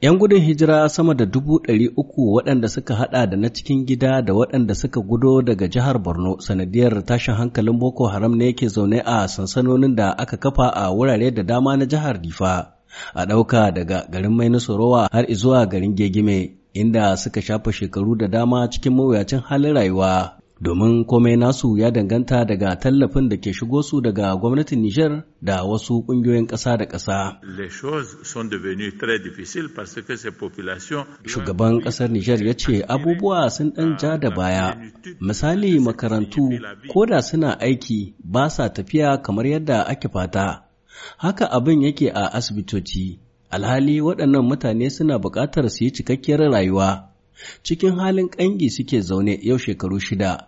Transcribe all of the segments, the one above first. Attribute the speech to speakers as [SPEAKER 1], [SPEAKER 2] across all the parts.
[SPEAKER 1] 'Yan gudun hijira sama da dubu ɗari uku waɗanda suka haɗa da na cikin gida da waɗanda suka gudo daga jihar Borno sanadiyar tashin hankalin Boko Haram ne ke zaune a sansanonin da aka kafa a wurare da dama na jihar Difa. A ɗauka daga garin Maina Sorowa har izuwa garin Gegime, inda suka shafa shekaru da dama cikin mawuyacin halin rayuwa. domin komai nasu ya danganta daga tallafin da ke shigo su daga gwamnatin Nijar da wasu ƙungiyoyin ƙasa da ƙasa. Shugaban ƙasar Nijar ya ce abubuwa sun ɗan ja da ah, baya. Misali makarantu ko da suna aiki ba sa tafiya kamar yadda ake fata. Haka abin yake a asibitoci. Alhali waɗannan mutane suna buƙatar su yi cikakkiyar rayuwa. cikin halin ƙangi suke zaune yau shekaru shida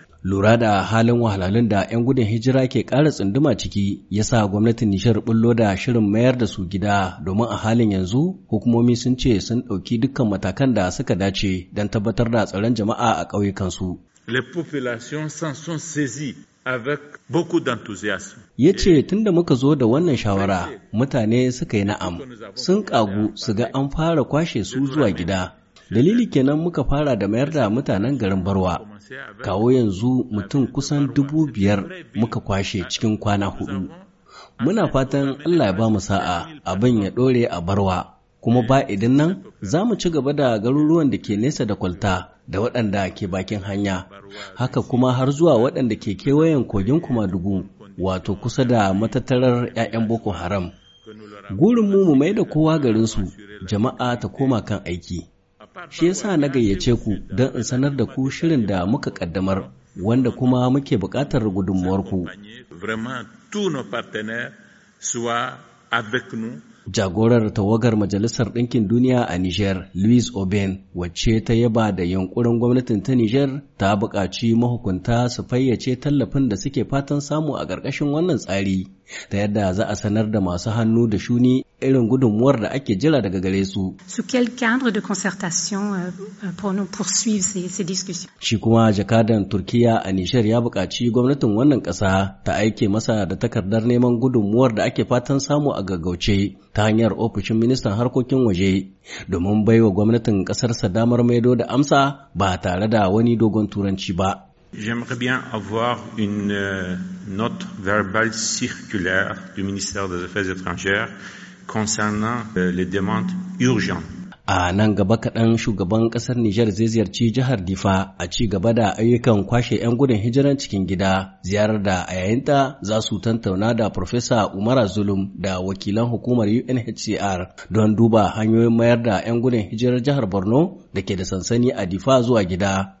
[SPEAKER 1] lura da halin wahalhalun da 'yan gudun hijira ke ƙara tsunduma ciki ya sa gwamnatin nishar bullo da shirin mayar da su gida domin a halin yanzu hukumomi sun ce sun ɗauki dukkan matakan da suka dace don tabbatar da tsaron jama'a a ƙauyukansu. Ya ce tun da muka zo da wannan shawara mutane suka yi na'am sun ƙagu su ga an fara kwashe su zuwa gida dalili kenan muka fara da mayar da mutanen garin barwa kawo yanzu mutum kusan dubu biyar muka kwashe cikin kwana hudu muna fatan allah ya ba mu sa'a abin ya ɗore a barwa kuma ba idan nan za mu ci gaba da garuruwan da ke nesa da kwalta da waɗanda ke bakin hanya haka kuma har zuwa waɗanda ke kewayen kogin kuma dubu wato kusa da matattarar 'ya'yan boko haram gurinmu mu mai da kowa garinsu jama'a ta koma kan aiki Shi yasa na gayyace ku don in sanar da ku shirin da muka kaddamar wanda kuma muke buƙatar gudunmuwarku. Jagorar tawagar Majalisar Ɗinkin Duniya a Nijar, Louis Oben, wacce ta yaba da yankurin gwamnatin ta Nijar, ta buƙaci mahukunta su fayyace tallafin da suke fatan samu a ƙarƙashin wannan tsari. ta yadda za a sanar da masu hannu da shuni irin gudunmuwar da ake jira daga gare su. Su quel cadre de concertation euh, euh, pour poursuivre ces discussions? Shi kuma jakadan Turkiya a Nishar ya buƙaci gwamnatin wannan ƙasa ta aike masa da takardar neman gudunmuwar da ake fatan samu a gaggauce ta hanyar ofishin ministan harkokin waje domin baiwa gwamnatin ƙasarsa damar maido da amsa ba tare da wani dogon turanci ba.
[SPEAKER 2] J'aimerais bien avoir une euh, note verbale circulaire du ministère des Affaires étrangères concernant euh, les demandes urgentes.
[SPEAKER 1] A nan gaba kaɗan shugaban ƙasar Nijar zai ziyarci jihar Difa a ci gaba da ayyukan kwashe 'yan gudun hijiran cikin gida ziyarar da a yayinta za su tantauna da Profesa Umara Zulum da wakilan hukumar UNHCR don duba hanyoyin mayar da 'yan gudun hijirar jihar Borno da ke da sansani a Difa zuwa gida